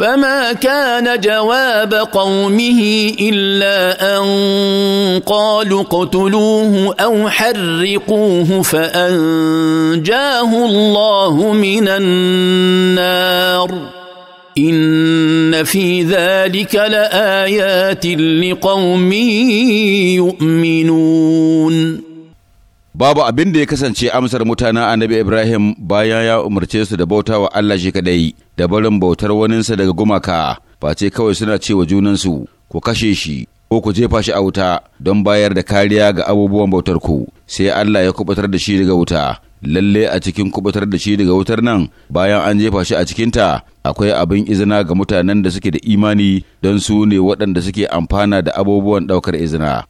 فما كان جواب قومه الا ان قالوا اقتلوه او حرقوه فانجاه الله من النار ان في ذلك لايات لقوم يؤمنون babu abin da ya kasance amsar mutanen annabi Ibrahim bayan ya umarce su da bauta wa Allah shi kadai da barin bautar waninsa daga gumaka face kawai suna ce wa junansu ku kashe shi ko ku jefa shi a wuta don bayar da kariya ga abubuwan bautar ku sai Allah ya kubutar da shi daga wuta lalle a cikin kubutar da shi daga wutar nan bayan an jefa shi a cikinta akwai abin izina ga mutanen da suke da imani don su ne waɗanda suke amfana da abubuwan ɗaukar izina